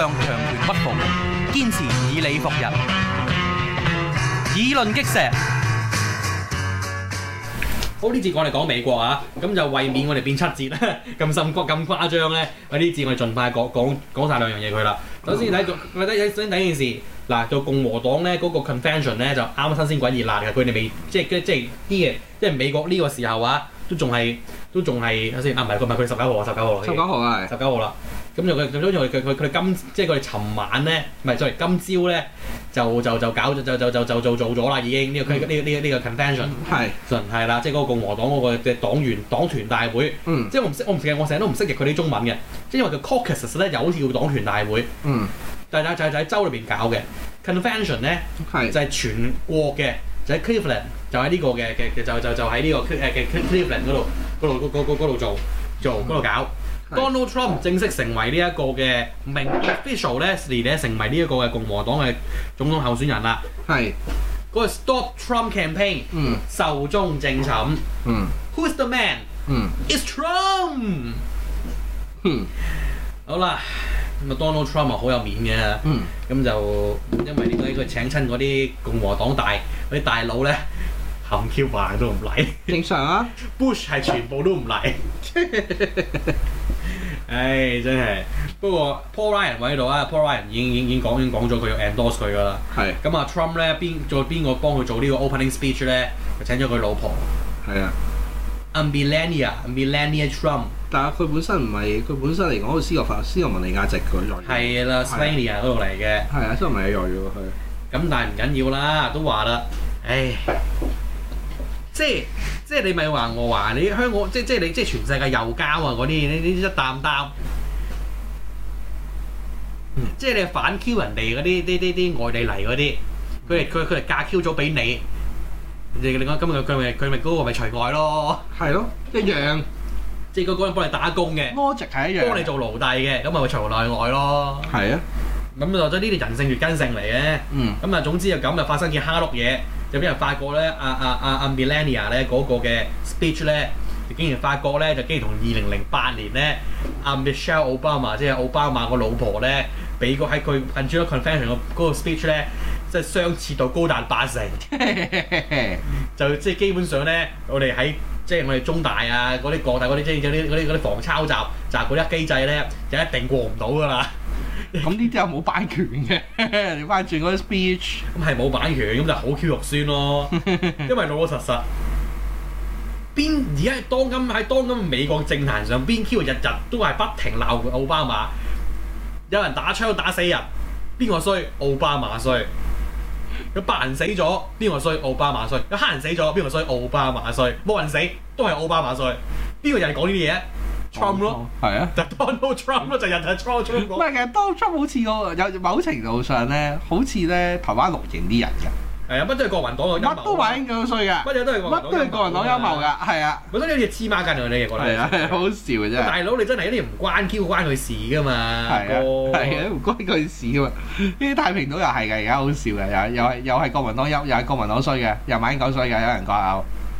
向強權屈服，堅持以理服人，議論擊石。好，呢節我哋講美國啊，咁就為免我哋變七節啦，咁甚過咁誇張咧，呢節我哋盡快講講講曬兩樣嘢佢啦。首先睇，首先睇件事，嗱，個共和黨咧嗰個 convention 咧就啱啱新鮮滾熱辣，佢哋未即係即係啲嘅，即係美國呢個時候啊，都仲係都仲係睇先啊，唔係佢唔係佢十九號啊，十九號，十九號啊，十九號啦。咁就佢，最佢佢佢佢今即係佢哋尋晚咧，唔係，再今朝咧就就就搞就就就就就做做咗啦已經呢、這個佢呢個呢個呢個 convention 係、mm. 這個，係、這、啦、個這個，即係嗰個共和黨嗰個嘅黨員黨團大會，mm. 即係我唔識，我唔成我成日都唔識譯佢啲中文嘅，即係因為佢 caucus 實就又好似叫黨團大會，嗯、mm. mm. okay.，就係、是、就就喺州裏邊搞嘅 convention 咧，係，就係全國嘅，就喺、這個 uh, Cleveland，就喺呢個嘅嘅就就就喺呢個嘅嘅 Cleveland 度度度做做度搞。Mm. Donald Trump 正式成為呢一個嘅名 official 咧，成為呢一個嘅共和黨嘅總統候選人啦。係，嗰個 Stop Trump Campaign 壽終正寢。嗯。Who's the man？嗯。It's Trump！嗯。好啦，咁啊 Donald Trump 又好有面嘅。嗯。咁就因為點解佢請親嗰啲共和黨大嗰啲大佬咧，冚 Q 話都唔嚟。正常啊。Bush 係全部都唔嚟。唉、哎，真係。不過 Paul Ryan 位喺度啊，Paul Ryan 已經已經講已經講咗佢要 endorse 佢噶啦。係。咁啊，Trump 咧邊再邊個幫佢做呢個 opening speech 咧？就請咗佢老婆。係啊。Melania Melania Trump。但係佢本身唔係，佢本身嚟講係斯洛、斯洛文尼亞籍嘅在裡。係啦 Slovenia 嗰度嚟嘅。係啊，都唔係喺度嘅佢。咁但係唔緊要啦，都話啦，唉，即係。即、就、係、是、你咪話我話、啊、你香港，即係即係你即係、就是、全世界又交啊！嗰啲呢呢一擔擔，即、嗯、係、就是、你反 Q 人哋嗰啲啲啲外地嚟嗰啲，佢哋佢佢哋嫁 Q 咗俾你，你你今日佢咪佢咪嗰個咪除外咯，係咯一樣，即係嗰人幫你打工嘅 p 一樣幫你做奴隸嘅，咁咪咪除外內外咯，係啊，咁就真呢啲人性與根性嚟嘅，嗯，咁啊總之就咁就發生件哈碌嘢。有啲人發覺咧，阿阿阿阿 Melania 咧嗰個嘅 speech 咧，竟然發覺咧就竟然同二零零八年咧阿、啊、Michelle Obama 即係奧巴馬個老婆咧，俾個喺佢 Convention 個嗰個 speech 咧，即係相似度高達八成， 就即係基本上咧，我哋喺即係我哋中大啊嗰啲各大嗰啲即係嗰啲啲啲防抄襲襲嗰啲機制咧，就一定過唔到噶啦。咁呢啲又冇版權嘅， 你翻轉嗰啲 speech、嗯。咁係冇版權，咁就好 Q 肉酸咯。 因為老老實實，邊而家當今喺當今美國政壇上，邊 Q 日日都係不停鬧奧巴馬。有人打槍打死人，邊個衰？奧巴馬衰。有白人死咗，邊個衰？奧巴馬衰。有黑人死咗，邊個衰？奧巴馬衰。冇人死都係奧巴馬衰。邊個人講呢啲嘢？特啊、特 Trump 咯，啊，就 Donald Trump 咯，就日日搓搓我。唔係，其實 Donald Trump 好似個有某程度上咧，好似咧台灣綠營啲人㗎。係啊，乜都係國民黨，乜都馬英九衰嘅，乜嘢都係國民黨，乜都係國民黨陰謀㗎，係啊。本身好似黐孖筋㗎呢啲國民啊，好笑啊真，小 intervals 大佬你真係一啲唔關 Q 關佢事㗎嘛？係啊，係啊，唔、啊、關佢事㗎嘛。啲 太平島又係㗎，而家好笑嘅，又又係又係國民黨陰，又係國民黨衰嘅，又馬英九衰嘅，有人講。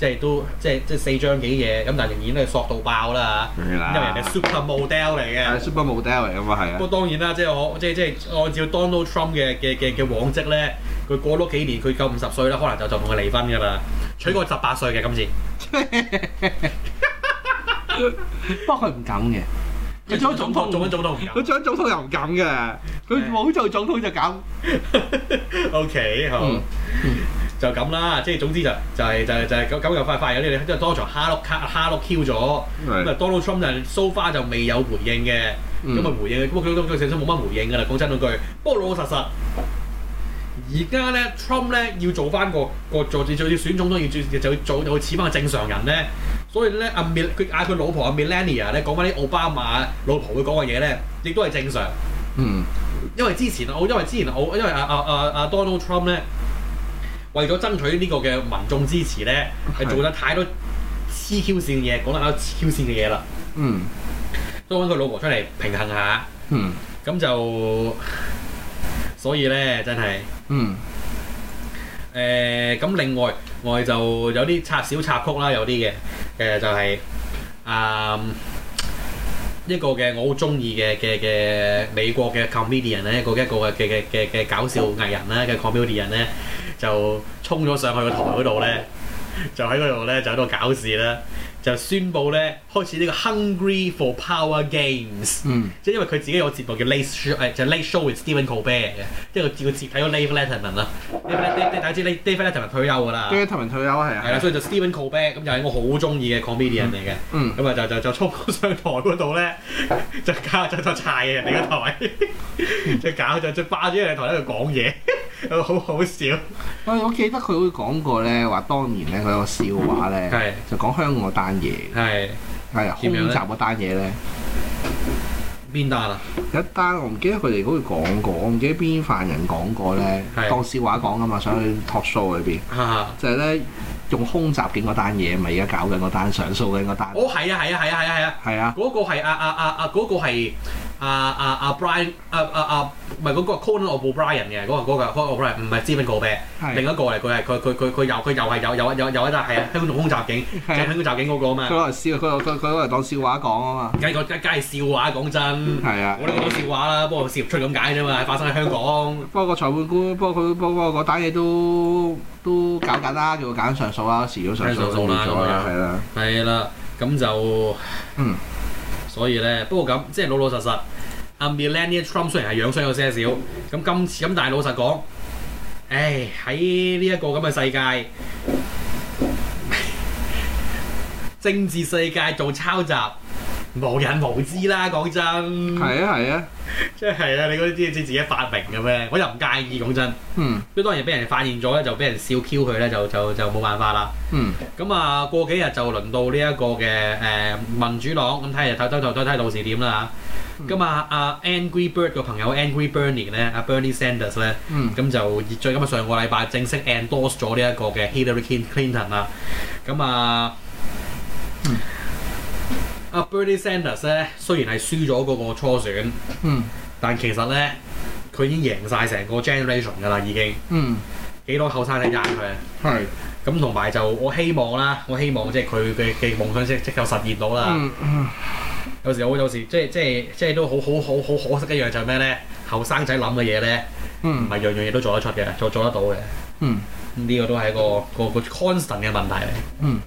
即係都即係即係四張幾嘢，咁但係仍然都係索到爆啦，因為人哋 Supermodel 嚟嘅，Supermodel 嚟㗎嘛係啊。不過當然啦，即係我即係即係按照 Donald Trump 嘅嘅嘅嘅往績咧，佢過多幾年佢夠五十歲啦，可能就就同佢離婚㗎啦，娶個十八歲嘅今次。不過佢唔敢嘅，佢做總統做緊總統唔敢，佢做總統又唔敢嘅，佢冇做總統就敢。OK，好。就咁啦，即係總之就係、就係、係、就係、係、就係咁咁又快快有啲即都多場哈洛卡哈洛 q 咗，咁、就、啊、係、Donald Trump 就、嗯、so far 就未有回應嘅，咁、嗯、啊回應，咁佢佢佢成身冇乜回應噶啦，講真嗰句。不過老老實實，而家咧 Trump 咧要做翻個個做做，做選總統要最就要做就要似翻個正常人咧，所以咧阿佢嗌佢老婆阿 Melania 咧講翻啲奧巴馬老婆會講嘅嘢咧，亦都係正常。嗯，因為之前我因為之前我因為阿阿阿阿 Donald Trump 咧。啊啊啊啊為咗爭取呢個嘅民眾支持咧，係做咗太多黐 Q 線嘅嘢，講得太多黐 Q 線嘅嘢啦。嗯，都揾佢老婆出嚟平衡一下。嗯，咁就所以咧，真係嗯。誒、呃，咁另外，我哋就有啲插小插曲啦，有啲嘅誒，就係、是、啊、這個、一個嘅我好中意嘅嘅嘅美國嘅 comedian 咧，一個一個嘅嘅嘅嘅搞笑藝人啦，嘅 comedian 咧。就衝咗上去個台嗰度咧，就喺嗰度咧就喺度搞事啦，就宣佈咧開始呢個 Hungry for Power Games，即、嗯、係因為佢自己有個節目叫 Late Show，誒就 Late Show with Stephen Colbert 嘅，即係佢接接睇咗 Dave Letterman 啦，Dave Letterman 退休㗎啦，Dave 退休係啊，啦，所以就 Stephen Colbert 咁就係我好中意嘅 comedian 嚟嘅。咁、嗯、啊、嗯、就就就衝上台嗰度咧就搞就踩嘅人哋個台，即、嗯、搞 就即霸住喺個台喺度講嘢。好好笑。 我！我記得佢會講過咧，話當年咧佢有個笑話咧，就講香港單嘢，係係空襲嗰單嘢咧，邊單啊？有一單我唔記得佢哋嗰度講過，我唔記得邊犯人講過咧，當笑話講噶嘛，上去 talk show 裏邊， 就係咧用空襲件嗰單嘢，咪而家搞緊嗰單上訴嘅嗰單。哦，係啊，係啊，係啊，係啊，係啊，嗰個係啊啊啊啊，嗰、嗰個係、啊。啊啊嗰個啊、uh, uh, uh, uh, uh, uh, uh，啊，阿 Brian，啊，啊，啊，唔係嗰個 Colin 奧布 Bryan 嘅，嗰個嗰個 c o Bryan，唔係知名個病，另一個嚟，佢係佢佢佢佢又佢又係有有有有一單係啊，香港陸空襲警，香港襲警嗰、嗰個啊嘛，佢攞嚟笑，佢佢佢攞嚟當笑話講啊嘛，梗係梗梗係笑話講真，係啊，我都講笑話啦，不過笑不出咁解啫嘛，發生喺香港。 不過裁判官，不過佢不過嗰單嘢都都搞緊啦，叫我揀上訴啦，遲早上訴啦，係啦係啦，咁就嗯。halo 所以咧，不過咁即係老老實實，阿 Melania Trump 雖然係養傷咗些少，咁今次咁，但係老實講，誒喺呢一個咁嘅世界，政治世界做抄襲。無人無知啦，講真。係啊，係啊，即係係啊，你嗰啲啲自己發明嘅咩？我又唔介意講真。嗯。咁當然俾人發現咗咧，就俾人笑 Q 佢咧，就就就冇辦法啦。嗯。咁啊，過幾日就輪到呢、這、一個嘅誒、呃、民主黨咁睇下睇睇睇睇睇到時點啦。咁、嗯、啊，阿 Angry Bird 個朋友 Angry Bernie 咧，阿 Bernie Sanders 咧，咁、嗯、就最今日上個禮拜正式 end endorse 咗呢一個嘅 Hillary Clinton 啦。咁啊。阿 Bernie Sanders 咧，雖然係輸咗嗰個初選，嗯、但其實咧佢已經贏晒成個 generation 噶啦，已經幾、嗯、多後生仔撐佢啊？係咁。同埋就我希望啦，我希望即係佢嘅嘅夢想即即夠實現到啦、嗯嗯。有時我有時即即即都好好好好可惜一、嗯、樣就係咩咧？後生仔諗嘅嘢咧，唔係樣樣嘢都做得出嘅，做做得到嘅。嗯，呢、這個都係一個一個一個 constant 嘅問題嚟。嗯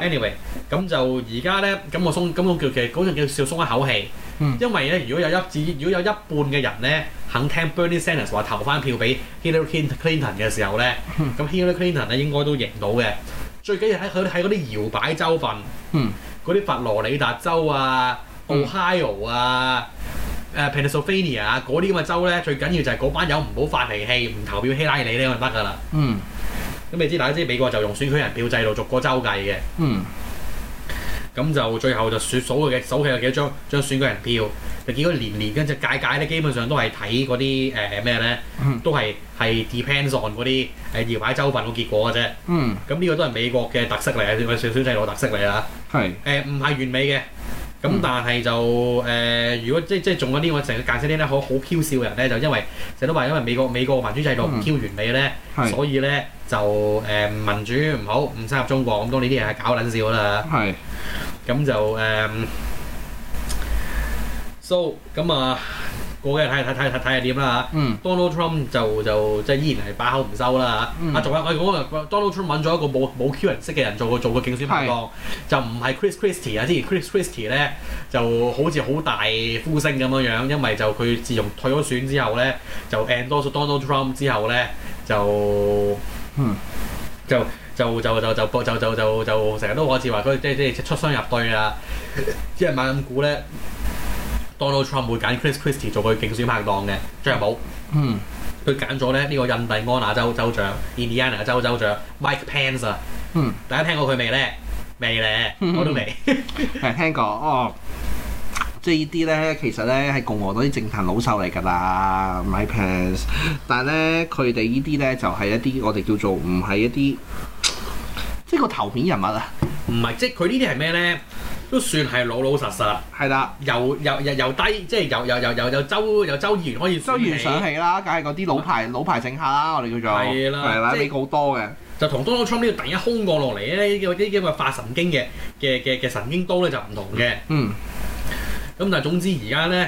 ，anyway，咁就而家咧，咁我鬆，咁我叫其實嗰陣叫少鬆一口氣。嗯，因為咧，如果有一，如果有一半嘅人咧肯聽 Bernie Sanders 話投翻票俾 Hillary Clinton 嘅時候咧，咁、嗯、Hillary Clinton 咧應該都贏到嘅。最緊要喺喺嗰啲搖擺州份，嗯，嗰啲佛羅里達州啊、嗯、Ohio 啊。Uh, Pennsylvania 啊，嗰啲咁嘅州咧，最緊要就係嗰班友唔好發脾氣，唔投票希拉里咧，咁就得噶啦。嗯。咁你知大家知美國就用選舉人票制度逐個州計嘅。嗯。咁就最後就數佢嘅數佢有幾多張張選舉人票，就見到年年跟住屆屆咧，基本上都係睇嗰啲誒咩咧，呃呢 mm. 都係係 depends on 嗰啲誒搖擺州份個結果嘅啫。嗯。咁呢個都係美國嘅特色嚟嘅，個選，選制度嘅特色嚟啊。係。誒唔係完美嘅。咁但係就誒、嗯呃，如果即即係中嗰啲我成日解釋啲咧，好好 Q 笑嘅人咧，就因為成日都話因為美國美國民主制度唔 Q 完美咧、嗯，所以咧就誒、呃、民主唔好唔適合入中國，咁當然啲嘢係搞撚笑啦嚇。咁就誒、呃、so 咁啊。過嘅，睇睇睇睇睇係點啦嚇，Donald Trump 就就即係依然係把口唔收啦嚇。仲有我哋講 Donald Trump 揾咗一個冇冇 Q 人識嘅人做個做個競選拍檔，就唔係 Chris Christie 啊。之前 Chris Christie 咧就好似好大呼聲咁樣樣，因為就佢自從退咗選之後咧，就 endorse Donald Trump 之後咧就嗯就就就就就就就就成日都好似話佢即係即係出雙入對啊，即係猛咁估咧。Donald Trump 會揀 Chris Christie 做佢競選拍檔嘅，張立武。嗯，佢揀咗咧呢、呢個印第安納州州長，Indiana 嘅州州長 Mike Pence。嗯，大家聽過佢未咧？未咧、嗯，我都未、嗯。係 聽過哦，即係呢啲咧，其實咧係共和黨啲政壇老手嚟㗎啦，Mike Pence 但。但係咧，佢哋呢啲咧就係、是、一啲我哋叫做唔係一啲，即係個頭面人物啊。唔係，即係佢呢啲係咩咧？都算係老老實實啦，係啦，由由由由低，即係由由由由由周由州議員可以州議員上起啦，梗係嗰啲老牌、嗯、老牌政客啦，我哋叫做係啦，比好多嘅。就同 Donald Trump 呢個突然一空降落嚟咧，呢啲咁嘅發神經嘅嘅嘅嘅神經刀咧就唔同嘅。嗯。咁但係總之而家咧，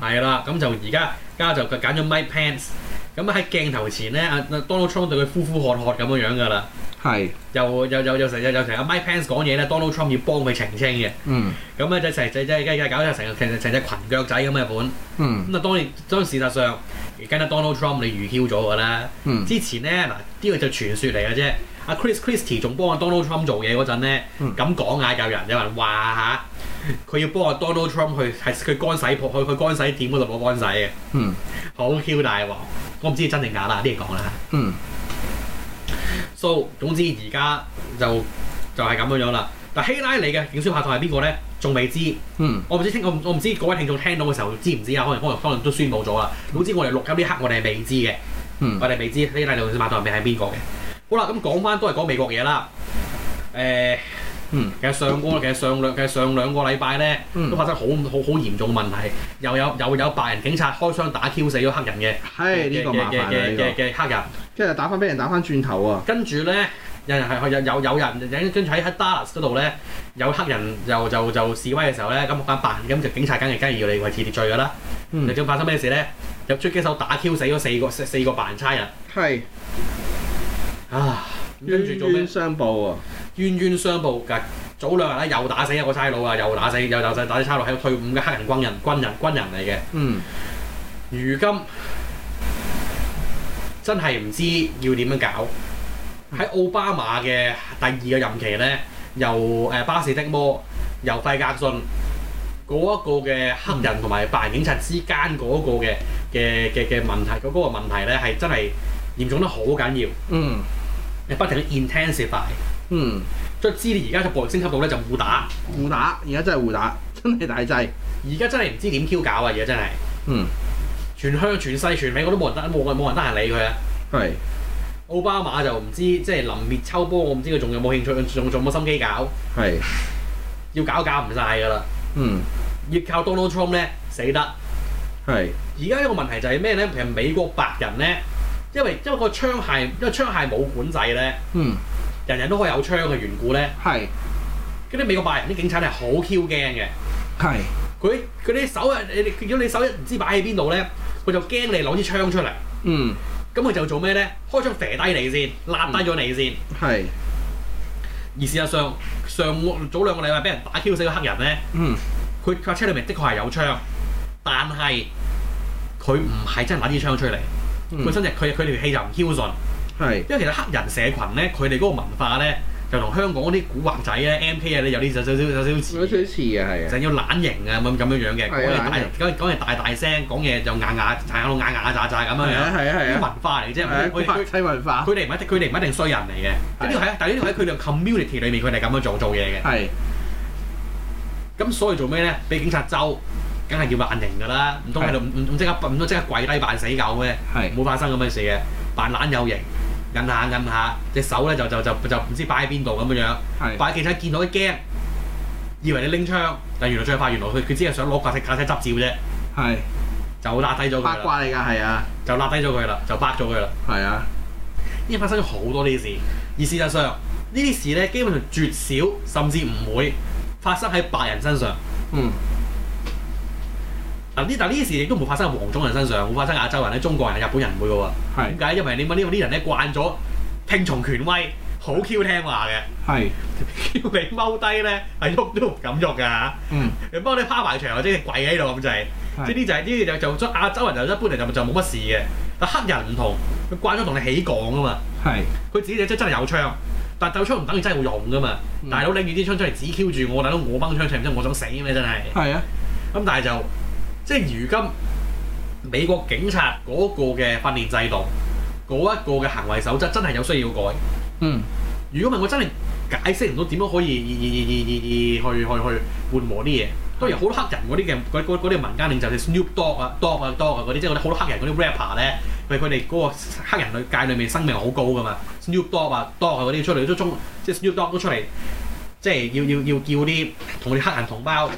係、嗯、啦，咁就而家家就佢揀咗 Mike Pence 咁喺鏡頭前咧，Donald Trump 對佢呼呼喝喝咁樣樣㗎啦。係， 是 MUG 又又又又成又成阿 Mike Pence 講嘢咧，Donald Trump 要幫佢澄清嘅。嗯。咁咧就成就就搞成成成隻裙腳仔咁嘅本。咁啊、嗯、當然，當事實上而家 Donald Trump 你預 Q 咗㗎啦。之前咧嗱，呢個就傳說嚟嘅啫。阿 Chris Christie 仲幫阿 Donald Trump 做嘢嗰陣咧，咁講嗌有人有人話吓，佢要幫阿 Donald Trump 去係佢乾洗鋪去去乾洗店嗰度攞乾洗嘅。嗯。好 Q、嗯、大鑊，我唔知你真定假啦，啲嘢講啦。嗯。都總之而家就就係、是、咁樣樣啦。但希拉里嘅競選拍檔係邊個咧？仲未知。嗯，我唔知清，我我唔知各位聽眾聽到嘅時候知唔知啊？可能可能，可能都宣佈咗啦。總之我哋錄緊呢刻我哋係未知嘅。嗯，我哋未知希拉里競選拍檔係邊個嘅？好啦，咁講翻都係講美國嘢啦。誒，嗯，其、欸嗯、上其上，上兩其實上兩個禮拜咧，都發生好好好嚴重嘅問題，又有又有，有，有白人警察開槍打 Q 死咗黑人嘅，係、哎、呢、這個嘅嘅嘅黑人。即係打翻俾人打翻轉頭啊！跟住咧，人係有有有人喺喺 Dallas 嗰度咧，有黑人又又又示威嘅時候咧，咁冇法辦，咁就警察梗係梗係要你維持秩序噶啦。嗯，又發生咩事咧？入出機手打挑死咗四個四個白人差人。係。啊！跟住做咩？冤冤相報啊！冤冤相報，噶早兩日咧又打死一個差佬啊，又打死又又打死差佬，係個退伍嘅黑人軍人軍人軍人嚟嘅。嗯。如今。真係唔知要點樣搞。喺奧巴馬嘅第二個任期咧，由誒巴士的摩，由費格遜嗰一個嘅黑人同埋白人警察之間嗰個嘅嘅嘅嘅問題，嗰、嗰、嗰個問題咧係真係嚴重得好緊要。嗯。係不停 intensify。嗯。再知道你而家嘅暴力升級到咧就互打，互打，而家真係互打，真係大劑。而家真係唔知點 Q 搞啊！而家真係。嗯。全鄉、全世、全美國都，我都冇人得，冇冇人得閒理佢啊！係，奧巴馬就唔知，即係臨滅秋波，我唔知佢仲有冇興趣，仲仲有冇心機搞？係 要搞搞唔晒㗎啦。嗯，要靠 Donald Trump 咧死得係。而家一個問題就係咩咧？其實美國白人咧，因為因為個槍械，因為槍械冇管制咧，嗯，人人都可以有槍嘅緣故咧，係。咁啲美國白人啲警察係好 Q 驚嘅，係佢佢啲手啊！如果你手唔知擺喺邊度咧？佢就驚你攞支槍出嚟，嗯，咁佢就做咩咧？開槍射低你先，攔低咗你先，係、嗯。而事實上，上午早兩個禮拜俾人打 Q 死個黑人咧，嗯，佢架車裏面的確係有槍，但係佢唔係真係攞支槍出嚟，佢真係佢佢條氣就唔 Q 順，係，因為其實黑人社群咧，佢哋嗰個文化咧。就同香港嗰啲古惑仔咧、M K 啊，咧有啲少少少少少似，少少似啊，係啊，仲要懶型啊，咁咁樣樣嘅，講嘢大，講講嘢大大聲，講嘢就硬硬，殘忍硬硬硬炸炸咁樣樣，係啊係啊，啲文化嚟啫，我哋大西文化，佢哋唔一定，佢哋唔一定衰人嚟嘅，呢啲係啊，但呢啲係佢哋 community 裏面佢哋咁樣做做嘢嘅，係。咁所以做咩咧？俾警察捉，梗係要扮型噶啦，唔通喺度唔唔即刻唔通即刻跪低扮死狗咩？係，冇發生咁樣事嘅，扮懶有型。摁下摁下隻手咧就就就就唔知擺喺邊度咁樣樣，擺架架車見到一驚，以為你拎槍，但原來最怕原來佢佢只係想攞架架車執照啫，係就拉低咗佢，八卦嚟㗎係啊，就拉低咗佢啦，就拍咗佢啦，係啊，因為發生咗好多呢啲事，而事實上呢啲事咧基本上絕少甚至唔會發生喺白人身上，嗯。嗱呢就呢啲事亦都冇發生喺黃種人身上，冇發生在亞洲人咧、中國人、日本人唔會嘅喎。點解？因為你問呢個啲人咧，慣咗聽從權威，好 Q 聽話嘅。係。叫你踎低咧，係喐都唔敢喐㗎。嗯。你幫你趴埋牆，或者你跪喺度咁滯，即係呢就係、是、呢就就將亞洲人，人就一般嚟就就冇乜事嘅。但黑人唔同，佢慣咗同你起講啊嘛。係。佢自己即真係有槍，但係就槍唔等於真係會用嘅嘛。大佬拎住啲槍出嚟指 Q 住我，大佬我掹槍出嚟真係我想死咩真係。係啊。咁但係就。即係如今美國警察嗰個嘅訓練制度，嗰一個嘅行為守則真係有需要改。嗯，如果問我真係解釋唔到點樣可以，以，依去去去緩和啲嘢，當然好多黑人嗰啲嘅啲民間領袖，譬如 Snoop Dogg, Dog 啊、Dog 啊、Dog 啊嗰啲，即係好多黑人嗰啲 rapper 咧，佢佢哋嗰個黑人界裏面聲名好高噶嘛，Snoop Dogg 啊、Dog 啊嗰啲出嚟都中，即係 Snoop Dogg 都出嚟，即係要要要叫啲同佢哋黑人同胞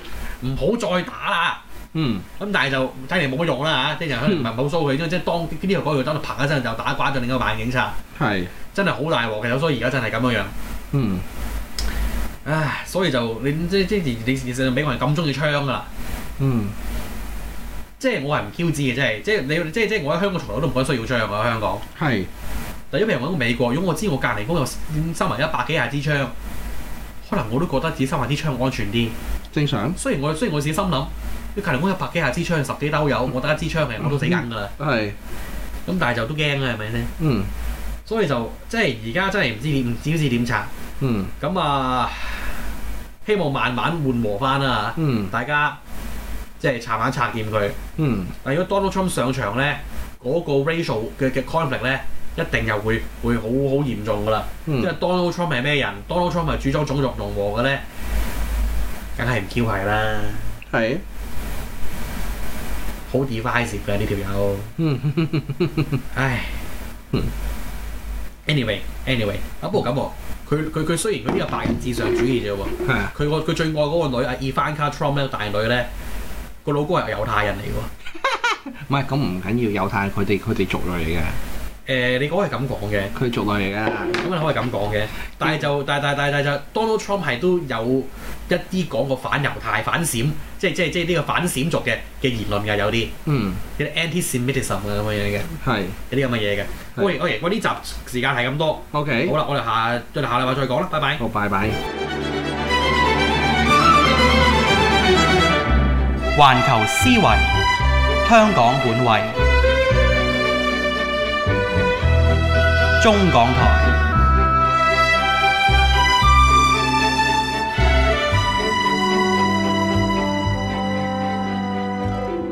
唔好再打啦。嗯，咁但係就睇嚟冇乜用啦，嚇啲人可能唔係冇騷佢，因為即係當呢條講，等到砰一聲，就打瓜咗另一個環警察，真係好大鑊。其實所以而家真係咁樣樣，嗯，唉，所以就你即即你，你，你美國人咁中意槍噶啦，嗯，即係我係唔挑知嘅，即係你即即係我喺香港從來都唔覺得需要槍啊。我香港係，但因為譬如我喺美國，如果我知道我隔離屋有收埋一百幾廿支槍，可能我都覺得只收埋啲槍安全啲正常。雖然我雖然我自己心諗。啲豺狼一百幾下支槍，十幾兜油、嗯，我得一支槍，係我都死緊㗎啦。係咁，但係就都驚啦，係咪先？嗯，所以就即係而家真係唔知點，唔知點拆。嗯，咁、嗯、啊，希望慢慢緩和翻啊。嗯，大家即係查晚拆掂佢。嗯，但如果 Donald Trump 上場咧，嗰、那個 racial 嘅嘅 conflict 咧，一定又會會好好嚴重㗎啦、嗯。即係 Donald Trump 係咩人？Donald Trump 係主張種族融和嘅咧，梗係唔 Q 係啦。係。好 divisive 㗎呢條友，條 唉，anyway，anyway， anyway，啊，不過咁佢佢佢雖然佢呢個白人至上主義啫喎，佢個佢最愛嗰個女啊，伊凡卡 Trump 咧大女咧，個老公係猶太人嚟嘅，唔係咁唔緊要，猶太佢哋佢哋族類嚟嘅。誒，你講係咁講嘅，佢族內嚟㗎，咁你可以咁講嘅。但係就，但係但係但係就 Donald Trump 係都有一啲講過反猶太、反閃，即係即係即係呢個反閃族嘅嘅言論㗎，有啲，嗯，啲 anti-Semitism 㗎咁嘅嘢嘅，係，有啲咁嘅嘢嘅。喂喂喂，我呢集時間係咁多，OK，好啦，我哋下再下禮拜再講啦，拜拜。好，拜拜。環球思維，香港本位。中港台。